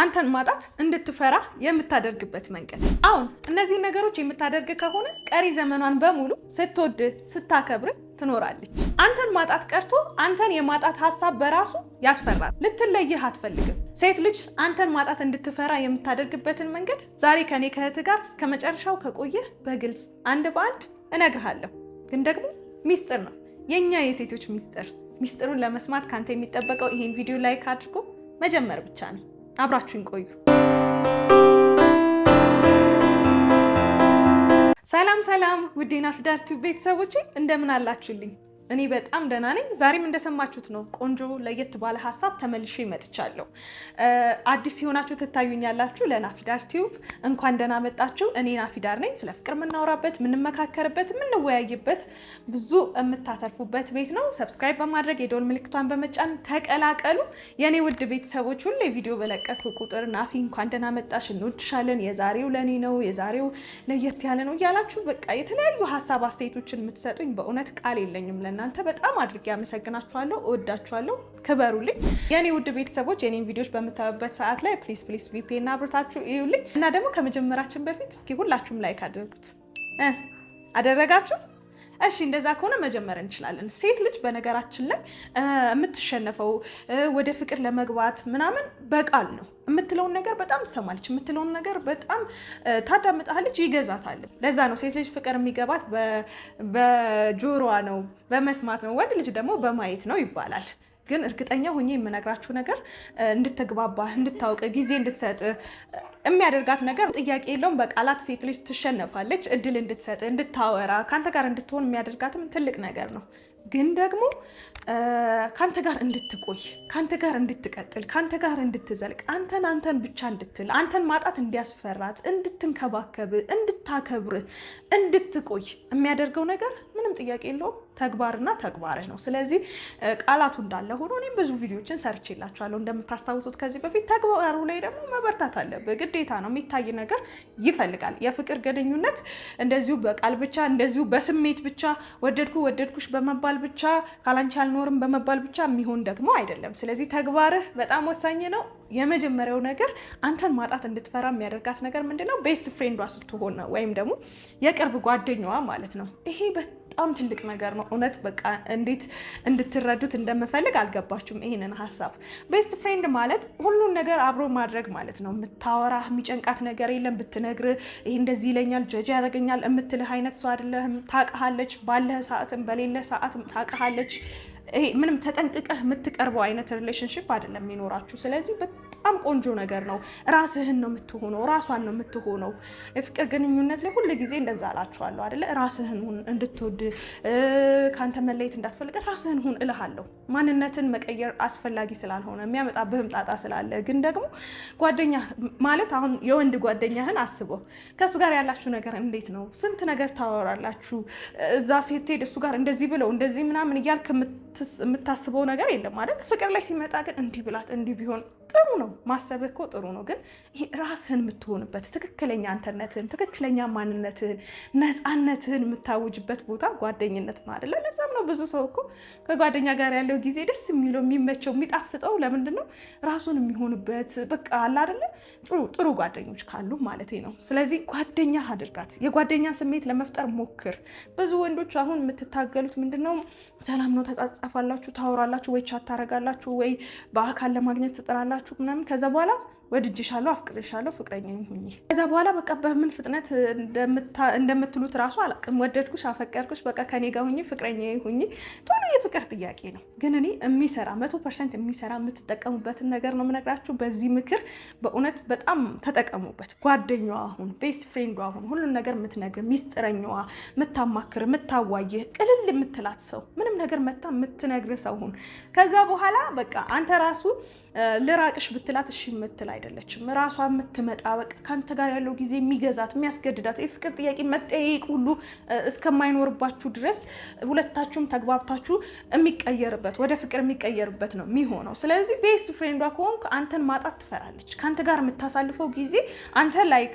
አንተን ማጣት እንድትፈራ የምታደርግበት መንገድ። አሁን እነዚህ ነገሮች የምታደርግ ከሆነ ቀሪ ዘመኗን በሙሉ ስትወድ ስታከብር ትኖራለች። አንተን ማጣት ቀርቶ አንተን የማጣት ሀሳብ በራሱ ያስፈራል። ልትለይህ አትፈልግም። ሴት ልጅ አንተን ማጣት እንድትፈራ የምታደርግበትን መንገድ ዛሬ ከኔ ከእህት ጋር እስከ መጨረሻው ከቆየህ በግልጽ አንድ በአንድ እነግርሃለሁ። ግን ደግሞ ሚስጥር ነው፣ የእኛ የሴቶች ሚስጥር። ሚስጥሩን ለመስማት ካንተ የሚጠበቀው ይሄን ቪዲዮ ላይክ አድርጎ መጀመር ብቻ ነው። አብራችሁን ቆዩ። ሰላም ሰላም፣ ውዴና ናፊዳር ቤተሰቦች እንደምን አላችሁልኝ? እኔ በጣም ደህና ነኝ። ዛሬም እንደሰማችሁት ነው ቆንጆ ለየት ባለ ሀሳብ ተመልሼ መጥቻለሁ። አዲስ የሆናችሁ ያላችሁ ለናፊዳር ቲዩብ እንኳን ደህና መጣችሁ። እኔ ናፊዳር ነኝ። ስለ ፍቅር የምናወራበት፣ የምንመካከርበት፣ የምንወያይበት ብዙ የምታተርፉበት ቤት ነው። ሰብስክራይብ በማድረግ የደወል ምልክቷን በመጫን ተቀላቀሉ። የእኔ ውድ ቤተሰቦች ሁሉ ቪዲዮ በለቀኩ ቁጥር ናፊ እንኳን ደህና መጣሽ፣ እንወድሻለን፣ የዛሬው ለእኔ ነው፣ የዛሬው ለየት ያለ ነው እያላችሁ በቃ የተለያዩ ሀሳብ አስተያየቶችን የምትሰጡኝ በእውነት ቃል የለኝም ለ እናንተ በጣም አድርጌ አመሰግናችኋለሁ። እወዳችኋለሁ። ክበሩልኝ የኔ ውድ ቤተሰቦች። የኔን ቪዲዮች በምታዩበት ሰዓት ላይ ፕሊስ ፕሊስ ቪፒ እና አብርታችሁ እዩልኝ እና ደግሞ ከመጀመራችን በፊት እስኪ ሁላችሁም ላይክ አድርጉት። አደረጋችሁ? እሺ እንደዛ ከሆነ መጀመር እንችላለን። ሴት ልጅ በነገራችን ላይ የምትሸነፈው ወደ ፍቅር ለመግባት ምናምን በቃል ነው። የምትለውን ነገር በጣም ትሰማለች፣ የምትለውን ነገር በጣም ታዳምጣለች፣ ይገዛታል። ለዛ ነው ሴት ልጅ ፍቅር የሚገባት በጆሮዋ ነው፣ በመስማት ነው። ወንድ ልጅ ደግሞ በማየት ነው ይባላል። ግን እርግጠኛ ሆኜ የምነግራችሁ ነገር እንድትግባባ እንድታውቅ ጊዜ እንድትሰጥ የሚያደርጋት ነገር ጥያቄ የለውም። በቃላት ሴት ልጅ ትሸነፋለች። እድል እንድትሰጥ እንድታወራ፣ ከአንተ ጋር እንድትሆን የሚያደርጋትም ትልቅ ነገር ነው። ግን ደግሞ ከአንተ ጋር እንድትቆይ፣ ከአንተ ጋር እንድትቀጥል፣ ከአንተ ጋር እንድትዘልቅ፣ አንተን አንተን ብቻ እንድትል፣ አንተን ማጣት እንዲያስፈራት፣ እንድትንከባከብ፣ እንድታከብር፣ እንድትቆይ የሚያደርገው ነገር ምንም ጥያቄ የለውም። ተግባርና ተግባርህ ነው። ስለዚህ ቃላቱ እንዳለ ሆኖ እኔም ብዙ ቪዲዮችን ሰርቼላችኋለሁ እንደምታስታውሱት ከዚህ በፊት። ተግባሩ ላይ ደግሞ መበርታት አለብህ፣ ግዴታ ነው። የሚታይ ነገር ይፈልጋል። የፍቅር ግንኙነት እንደዚሁ በቃል ብቻ እንደዚሁ በስሜት ብቻ ወደድኩ ወደድኩሽ በመባል ብቻ ካላንቺ አልኖርም በመባል ብቻ የሚሆን ደግሞ አይደለም። ስለዚህ ተግባርህ በጣም ወሳኝ ነው። የመጀመሪያው ነገር አንተን ማጣት እንድትፈራ የሚያደርጋት ነገር ምንድነው? ቤስት ፍሬንዷ ስትሆን ወይም ደግሞ የቅርብ ጓደኛዋ ማለት ነው። ይሄ በጣም ትልቅ ነገር ነው። እውነት በቃ እንዴት እንድትረዱት እንደምፈልግ አልገባችሁም ይሄንን ሀሳብ። ቤስት ፍሬንድ ማለት ሁሉን ነገር አብሮ ማድረግ ማለት ነው። የምታወራህ የሚጨንቃት ነገር የለም። ብትነግር ይሄ እንደዚህ ይለኛል፣ ጀጃ ያደርገኛል የምትልህ አይነት ሰው አይደለህም። ታውቅሃለች፣ ባለህ ሰዓትም በሌለ ሰዓትም ታውቅሃለች። ይሄ ምንም ተጠንቅቀህ የምትቀርበው አይነት ሪሌሽንሽፕ አይደለም የሚኖራችሁ። ስለዚህ በጣም ቆንጆ ነገር ነው። ራስህን ነው የምትሆነው፣ ራሷን ነው የምትሆነው። የፍቅር ግንኙነት ላይ ሁል ጊዜ እንደዛ እላችኋለሁ አይደለ? ራስህን ሁን እንድትወድ ከአንተ መለየት እንዳትፈልግ ራስህን ሁን እልሃለሁ። ማንነትን መቀየር አስፈላጊ ስላልሆነ የሚያመጣብህም ጣጣ ስላለ፣ ግን ደግሞ ጓደኛ ማለት አሁን የወንድ ጓደኛህን አስበው። ከእሱ ጋር ያላችሁ ነገር እንዴት ነው? ስንት ነገር ታወራላችሁ። እዛ ሴት እሱ ጋር እንደዚህ ብለው እንደዚህ ምናምን እያልክ የምታስበው ነገር የለም አይደል? ፍቅር ላይ ሲመጣ ግን እንዲህ ብላት እንዲህ ቢሆን ጥሩ ነው፣ ማሰብ እኮ ጥሩ ነው። ግን ይሄ ራስህን የምትሆንበት ትክክለኛ አንተነትህን ትክክለኛ ማንነትህን ነፃነትህን የምታውጅበት ቦታ ጓደኝነት ነው አይደለ? ለዛም ነው ብዙ ሰው እኮ ከጓደኛ ጋር ያለው ጊዜ ደስ የሚለው የሚመቸው የሚጣፍጠው ለምንድን ነው? ራሱን የሚሆንበት በቃ አለ አይደለ? ጥሩ ጥሩ ጓደኞች ካሉ ማለት ነው። ስለዚህ ጓደኛ አድርጋት፣ የጓደኛ ስሜት ለመፍጠር ሞክር። ብዙ ወንዶች አሁን የምትታገሉት ምንድን ነው? ሰላም ነው ተጻጽ ትጻጻፋላችሁ፣ ታወራላችሁ ወይ ቻት ታረጋላችሁ ወይ በአካል ለማግኘት ትጥራላችሁ ምናምን ከዛ በኋላ ወድጅሻለሁ፣ አፍቅርሻለሁ፣ ፍቅረኛ ሁኚ። ከዛ በኋላ በቃ በምን ፍጥነት እንደምትሉት ራሱ አላውቅም። ወደድኩሽ፣ አፈቀርኩሽ፣ በቃ ከኔ ጋር ሁኚ፣ ፍቅረኛ ሁኚ። ቶሎ የፍቅር ጥያቄ ነው። ግን እኔ የሚሰራ መቶ ፐርሰንት የሚሰራ የምትጠቀሙበትን ነገር ነው የምነግራችሁ። በዚህ ምክር በእውነት በጣም ተጠቀሙበት። ጓደኛዋ አሁን ቤስት ፍሬንዷ አሁን ሁሉን ነገር የምትነግር ሚስጥረኛዋ፣ የምታማክር፣ የምታዋይህ፣ ቅልል የምትላት ሰው ምንም ነገር መታ የምትነግር ሰው ሁን። ከዛ በኋላ በቃ አንተ ራሱ ልራቅሽ ብትላት እሺ የምትል አይደለችም። ራሷ የምትመጣ በቃ ከአንተ ጋር ያለው ጊዜ የሚገዛት የሚያስገድዳት የፍቅር ጥያቄ መጠየቅ ሁሉ እስከማይኖርባችሁ ድረስ ሁለታችሁም ተግባብታችሁ የሚቀየርበት ወደ ፍቅር የሚቀየርበት ነው የሚሆነው። ስለዚህ ቤስት ፍሬንዷ ከሆንክ አንተን ማጣት ትፈራለች። ከአንተ ጋር የምታሳልፈው ጊዜ አንተ ላይክ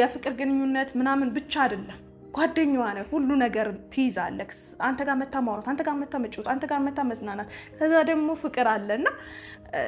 የፍቅር ግንኙነት ምናምን ብቻ አይደለም ጓደኛዋ ነህ፣ ሁሉ ነገር ትይዛለህ። አንተ ጋር መታ ማውራት፣ አንተ ጋር መታ መጫወት፣ አንተ ጋር መታ መዝናናት፣ ከዛ ደግሞ ፍቅር አለ እና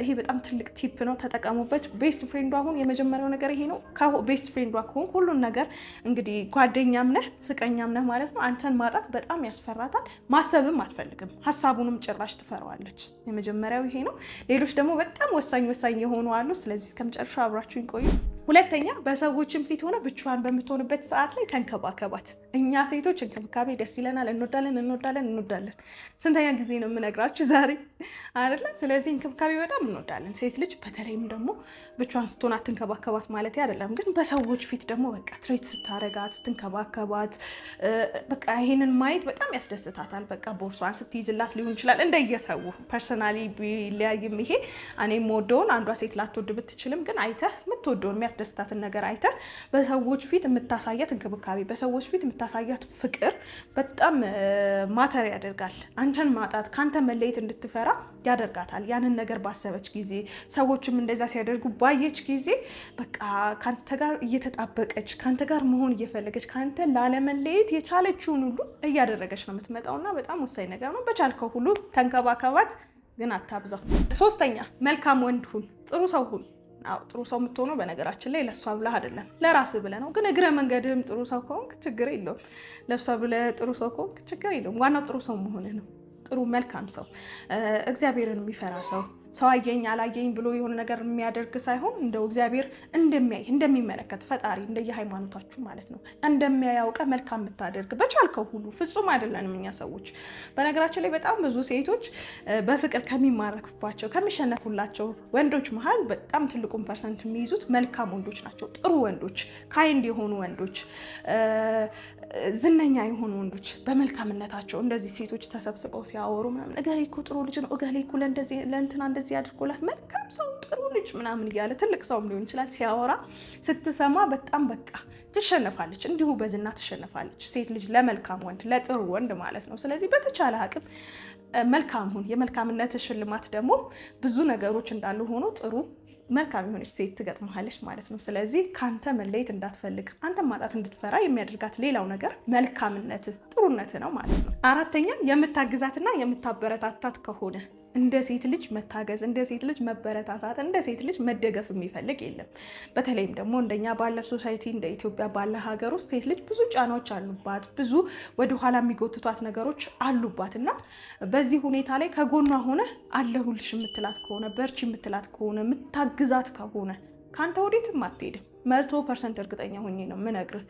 ይሄ በጣም ትልቅ ቲፕ ነው፣ ተጠቀሙበት። ቤስት ፍሬንዷ አሁን የመጀመሪያው ነገር ይሄ ነው። ቤስት ፍሬንዷ ከሆን ሁሉን ነገር እንግዲህ ጓደኛም ነህ ፍቅረኛም ነህ ማለት ነው። አንተን ማጣት በጣም ያስፈራታል። ማሰብም አትፈልግም፣ ሀሳቡንም ጭራሽ ትፈራዋለች። የመጀመሪያው ይሄ ነው። ሌሎች ደግሞ በጣም ወሳኝ ወሳኝ የሆኑ አሉ። ስለዚህ እስከመጨረሻ አብራችሁ ይቆዩ። ሁለተኛ በሰዎችም ፊት ሆነ ብቻዋን በምትሆንበት ሰዓት ላይ ተንከባከባት። እኛ ሴቶች እንክብካቤ ደስ ይለናል፣ እንወዳለን እንወዳለን እንወዳለን። ስንተኛ ጊዜ ነው የምነግራችሁ ዛሬ አይደለም? ስለዚህ እንክብካቤ በጣም እንወዳለን። ሴት ልጅ በተለይም ደግሞ ብቻዋን ስትሆን አትንከባከባት ማለት አይደለም፣ ግን በሰዎች ፊት ደግሞ በቃ ትሬት ስታረጋት ስትንከባከባት፣ በቃ ይሄንን ማየት በጣም ያስደስታታል። በቃ ቦርሷን ስትይዝላት ሊሆን ይችላል እንደየሰው ፐርሰናሊ ቢለያይም፣ ይሄ እኔ የምወደውን አንዷ ሴት ላትወድ ብትችልም፣ ግን አይተህ የምትወደውን የሚያስደስታትን ነገር አይተህ በሰዎች ፊት የምታሳያት እንክብካቤ፣ በሰዎች ፊት የምታሳያት ፍቅር በጣም ማተር ያደርጋል። አንተን ማጣት ከአንተ መለየት እንድትፈራ ያደርጋታል። ያንን ነገር ባሰበች ጊዜ ሰዎችም እንደዛ ሲያደርጉ ባየች ጊዜ በቃ ከአንተ ጋር እየተጣበቀች ከአንተ ጋር መሆን እየፈለገች ከአንተ ላለመለየት የቻለችውን ሁሉ እያደረገች ነው የምትመጣውና በጣም ወሳኝ ነገር ነው። በቻልከው ሁሉ ተንከባከባት፣ ግን አታብዛው። ሶስተኛ መልካም ወንድ ሁን፣ ጥሩ ሰው ሁን። ጥሩ ሰው የምትሆነው በነገራችን ላይ ለእሷ ብለህ አይደለም ለራስ ብለህ ነው። ግን እግረ መንገድህም ጥሩ ሰው ከሆንክ ችግር የለውም። ለእሷ ብለህ ጥሩ ሰው ከሆንክ ችግር የለውም። ዋናው ጥሩ ሰው መሆንህ ነው። ጥሩ መልካም ሰው፣ እግዚአብሔርን የሚፈራ ሰው ሰው አየኝ አላየኝ ብሎ የሆነ ነገር የሚያደርግ ሳይሆን እንደው እግዚአብሔር እንደሚያይ እንደሚመለከት ፈጣሪ እንደየሃይማኖታችሁ ማለት ነው እንደሚያያውቀ መልካም የምታደርግ በቻልከው ሁሉ ፍጹም አይደለንም እኛ ሰዎች። በነገራችን ላይ በጣም ብዙ ሴቶች በፍቅር ከሚማረክባቸው ከሚሸነፉላቸው ወንዶች መሀል በጣም ትልቁን ፐርሰንት የሚይዙት መልካም ወንዶች ናቸው። ጥሩ ወንዶች፣ ካይንድ የሆኑ ወንዶች፣ ዝነኛ የሆኑ ወንዶች በመልካምነታቸው እንደዚህ ሴቶች ተሰብስበው ሲያወሩ ምናምን እገሌ እኮ ጥሩ ልጅ ነው እገሌ እኮ ለእንደዚህ ለእንትና እንደዚህ አድርጎላት መልካም ሰው ጥሩ ልጅ ምናምን እያለ ትልቅ ሰውም ሊሆን ይችላል ሲያወራ ስትሰማ በጣም በቃ ትሸነፋለች፣ እንዲሁ በዝና ትሸነፋለች። ሴት ልጅ ለመልካም ወንድ ለጥሩ ወንድ ማለት ነው። ስለዚህ በተቻለ አቅም መልካም ሁን። የመልካምነት ሽልማት ደግሞ ብዙ ነገሮች እንዳሉ ሆኖ ጥሩ መልካም የሆነች ሴት ትገጥመሃለች ማለት ነው። ስለዚህ ከአንተ መለየት እንዳትፈልግ አንተ ማጣት እንድትፈራ የሚያደርጋት ሌላው ነገር መልካምነት ጥሩነት ነው ማለት ነው። አራተኛ የምታግዛትና የምታበረታታት ከሆነ እንደ ሴት ልጅ መታገዝ፣ እንደ ሴት ልጅ መበረታታት፣ እንደ ሴት ልጅ መደገፍ የሚፈልግ የለም። በተለይም ደግሞ እንደኛ ባለ ሶሳይቲ እንደ ኢትዮጵያ ባለ ሀገር ውስጥ ሴት ልጅ ብዙ ጫናዎች አሉባት፣ ብዙ ወደኋላ የሚጎትቷት ነገሮች አሉባት እና በዚህ ሁኔታ ላይ ከጎኗ ሆነ አለሁልሽ የምትላት ከሆነ በርቺ የምትላት ከሆነ የምታግዛት ከሆነ ከአንተ ወዴትም አትሄድም። መቶ ፐርሰንት እርግጠኛ ሆኜ ነው ምነግርህ።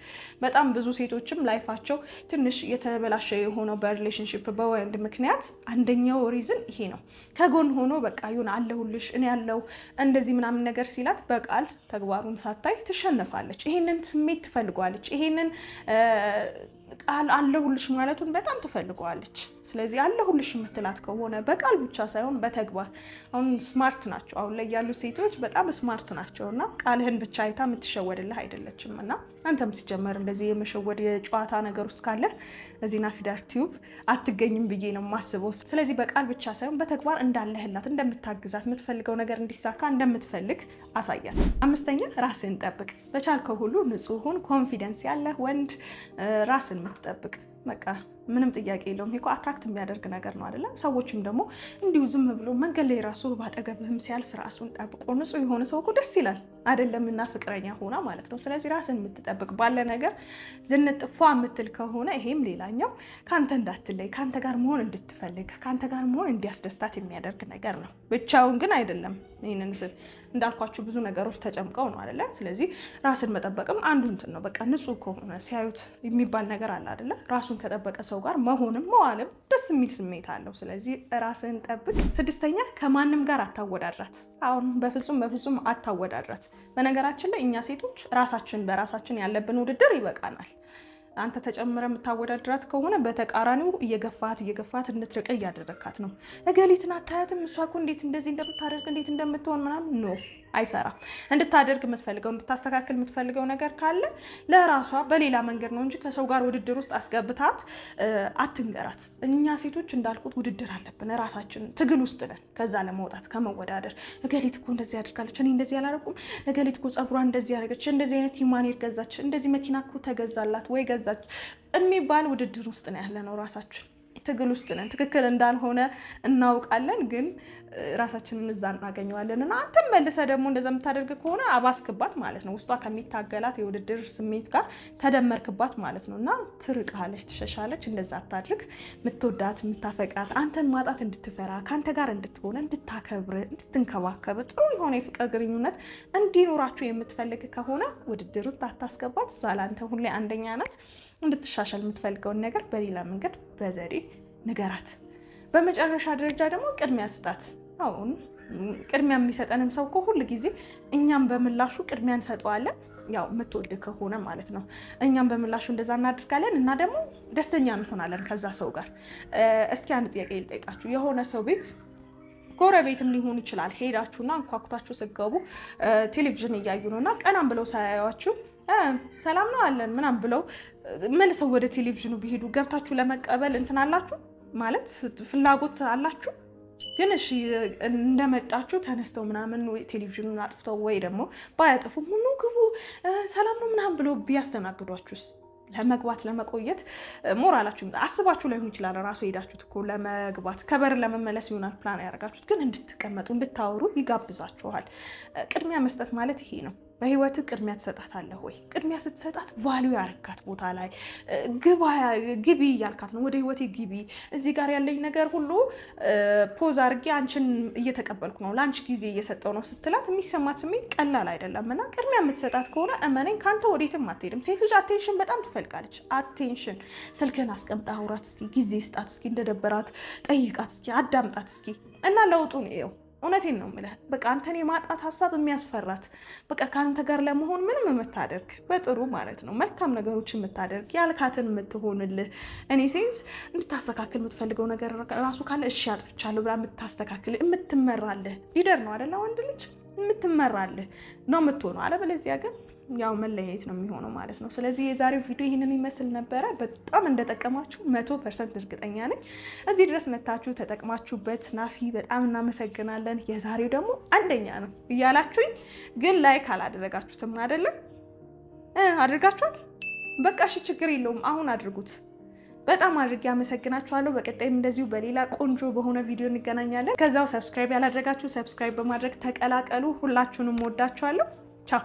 በጣም ብዙ ሴቶችም ላይፋቸው ትንሽ የተበላሸ የሆነው በሪሌሽንሽፕ በወንድ ምክንያት አንደኛው ሪዝን ይሄ ነው። ከጎን ሆኖ በቃ ይሁን አለሁልሽ፣ እኔ ያለው እንደዚህ ምናምን ነገር ሲላት በቃል ተግባሩን ሳታይ ትሸነፋለች። ይሄንን ስሜት ትፈልጓለች። ይሄንን ቃል አለሁልሽ ማለቱን በጣም ትፈልገዋለች። ስለዚህ አለሁልሽ የምትላት ከሆነ በቃል ብቻ ሳይሆን በተግባር አሁን ስማርት ናቸው። አሁን ላይ ያሉ ሴቶች በጣም ስማርት ናቸው እና ቃልህን ብቻ አይታ የምትሸወድልህ አይደለችም። እና አንተም ሲጀመር እንደዚህ የመሸወድ የጨዋታ ነገር ውስጥ ካለ እዚህ ናፊዳር ቲዩብ አትገኝም ብዬ ነው የማስበው። ስለዚህ በቃል ብቻ ሳይሆን በተግባር እንዳለህላት፣ እንደምታግዛት፣ የምትፈልገው ነገር እንዲሳካ እንደምትፈልግ አሳያት። አምስተኛ ራስህን ጠብቅ። በቻልከው ሁሉ ንጹህ ሁን። ኮንፊደንስ ያለህ ወንድ ራስን ምትጠብቅ በቃ ምንም ጥያቄ የለውም። ይሄ እኮ አትራክት የሚያደርግ ነገር ነው አይደለም? ሰዎችም ደግሞ እንዲሁ ዝም ብሎ መንገድ ላይ ራሱ ባጠገብህም ሲያልፍ ራሱን ጠብቆ ንጹህ የሆነ ሰው እኮ ደስ ይላል አይደለም? እና ፍቅረኛ ሆና ማለት ነው። ስለዚህ ራስን የምትጠብቅ ባለ ነገር ዝንጥፏ የምትል ከሆነ ይሄም ሌላኛው ከአንተ እንዳትለይ ከአንተ ጋር መሆን እንድትፈልግ ከአንተ ጋር መሆን እንዲያስደስታት የሚያደርግ ነገር ነው። ብቻውን ግን አይደለም። ይህንን ስል እንዳልኳችሁ ብዙ ነገሮች ተጨምቀው ነው አይደለ? ስለዚህ ራስን መጠበቅም አንዱ እንትን ነው። በቃ ንጹህ ከሆነ ሲያዩት የሚባል ነገር አለ አይደለ? ራሱን ከጠበቀ ሰው ጋር መሆንም መዋልም ደስ የሚል ስሜት አለው። ስለዚህ ራስን ጠብቅ። ስድስተኛ ከማንም ጋር አታወዳድራት። አሁን በፍጹም በፍጹም አታወዳድራት። በነገራችን ላይ እኛ ሴቶች ራሳችን በራሳችን ያለብን ውድድር ይበቃናል። አንተ ተጨምረ የምታወዳድራት ከሆነ በተቃራኒው እየገፋት እየገፋት እንድትርቀ እያደረካት ነው። እገሊትን አታያትም? እሷ እኮ እንዴት እንደዚህ እንደምታደርግ እንዴት እንደምትሆን ምናምን ነው አይሰራም። እንድታደርግ የምትፈልገው እንድታስተካክል የምትፈልገው ነገር ካለ ለራሷ በሌላ መንገድ ነው እንጂ ከሰው ጋር ውድድር ውስጥ አስገብታት አትንገራት። እኛ ሴቶች እንዳልኩት ውድድር አለብን፣ ራሳችን ትግል ውስጥ ነን። ከዛ ለመውጣት ከመወዳደር እገሊት እኮ እንደዚህ አድርጋለች፣ እኔ እንደዚህ አላደረኩም፣ እገሊት እኮ ጸጉሯ እንደዚህ ያደረገች፣ እንደዚህ አይነት ሂማኔር ገዛች፣ እንደዚህ መኪና እኮ ተገዛላት ወይ ገዛች የሚባል ውድድር ውስጥ ነው ያለ ነው ራሳችን ትግል ውስጥ ነን። ትክክል እንዳልሆነ እናውቃለን፣ ግን ራሳችንን እዛ እናገኘዋለን። እና አንተም መልሰ ደግሞ እንደዛ የምታደርግ ከሆነ አባስክባት ማለት ነው። ውስጧ ከሚታገላት የውድድር ስሜት ጋር ተደመርክባት ማለት ነው። እና ትርቃለች፣ ትሸሻለች። እንደዛ አታድርግ። የምትወዳት የምታፈቅራት፣ አንተን ማጣት እንድትፈራ ከአንተ ጋር እንድትሆነ እንድታከብር፣ እንድትንከባከብ ጥሩ የሆነ የፍቅር ግንኙነት እንዲኖራችሁ የምትፈልግ ከሆነ ውድድር ውስጥ አታስገባት። እሷ ለአንተ ሁሌ አንደኛ ናት። እንድትሻሻል የምትፈልገውን ነገር በሌላ መንገድ በዘዴ ንገራት። በመጨረሻ ደረጃ ደግሞ ቅድሚያ ስጣት። አሁን ቅድሚያ የሚሰጠንም ሰው እኮ ሁል ጊዜ እኛም በምላሹ ቅድሚያ እንሰጠዋለን። ያው የምትወድ ከሆነ ማለት ነው። እኛም በምላሹ እንደዛ እናድርጋለን እና ደግሞ ደስተኛ እንሆናለን ከዛ ሰው ጋር። እስኪ አንድ ጥያቄ ልጠይቃችሁ። የሆነ ሰው ቤት ጎረቤትም ሊሆን ይችላል ሄዳችሁና አንኳኩታችሁ ስገቡ ቴሌቪዥን እያዩ ነው እና ቀናም ብለው ሳያዩአችሁ ሰላም ነው አለን ምናም ብለው መልሰው ወደ ቴሌቪዥኑ ቢሄዱ ገብታችሁ ለመቀበል እንትን አላችሁ ማለት ፍላጎት አላችሁ ግን እሺ እንደመጣችሁ ተነስተው ምናምን ቴሌቪዥኑን አጥፍተው ወይ ደግሞ ባያጠፉ ምኑ ግቡ ሰላም ነው ምናምን ብሎ ቢያስተናግዷችሁስ? ለመግባት ለመቆየት ሞራላችሁ አስባችሁ ላይሆን ይችላል። ራሱ ሄዳችሁት እኮ ለመግባት ከበር ለመመለስ ይሆናል ፕላን ያደርጋችሁት፣ ግን እንድትቀመጡ እንድታወሩ ይጋብዛችኋል። ቅድሚያ መስጠት ማለት ይሄ ነው። በህይወት ቅድሚያ ትሰጣታለህ ወይ? ቅድሚያ ስትሰጣት ቫሊዩ ያረካት ቦታ ላይ ግቢ እያልካት ነው። ወደ ህይወቴ ግቢ፣ እዚህ ጋር ያለኝ ነገር ሁሉ ፖዝ አድርጌ አንቺን እየተቀበልኩ ነው፣ ለአንቺ ጊዜ እየሰጠው ነው ስትላት የሚሰማት ስሜት ቀላል አይደለም። እና ቅድሚያ የምትሰጣት ከሆነ እመነኝ፣ ከአንተ ወዴትም አትሄድም። ሴት ልጅ አቴንሽን በጣም ትፈልጋለች። አቴንሽን ስልክን አስቀምጣ አውራት እስኪ፣ ጊዜ ስጣት እስኪ፣ እንደደበራት ጠይቃት እስኪ፣ አዳምጣት እስኪ እና ለውጡን ይኸው እውነቴን ነው የምልህ። በቃ አንተን የማጣት ሀሳብ የሚያስፈራት በቃ ከአንተ ጋር ለመሆን ምንም የምታደርግ በጥሩ ማለት ነው መልካም ነገሮች የምታደርግ ያልካትን የምትሆንልህ እኔ ሴንስ እንድታስተካክል የምትፈልገው ነገር ራሱ ካለ እሺ አጥፍቻለሁ ብላ የምታስተካክል የምትመራልህ ሊደር ነው አደላ ወንድ ልጅ የምትመራልህ ነው የምትሆነው። በለዚያ ግን ያው መለያየት ነው የሚሆነው ማለት ነው። ስለዚህ የዛሬው ቪዲዮ ይህንን ይመስል ነበረ። በጣም እንደጠቀማችሁ መቶ ፐርሰንት እርግጠኛ ነኝ። እዚህ ድረስ መታችሁ ተጠቅማችሁበት ናፊ በጣም እናመሰግናለን፣ የዛሬው ደግሞ አንደኛ ነው እያላችሁኝ ግን ላይክ አላደረጋችሁትም አይደለም? አድርጋችኋል? በቃ እሺ ችግር የለውም አሁን አድርጉት። በጣም አድርጌ አመሰግናችኋለሁ። በቀጣይም እንደዚሁ በሌላ ቆንጆ በሆነ ቪዲዮ እንገናኛለን። ከዛው ሰብስክራይብ ያላደረጋችሁ ሰብስክራይብ በማድረግ ተቀላቀሉ። ሁላችሁንም ወዳችኋለሁ። ቻው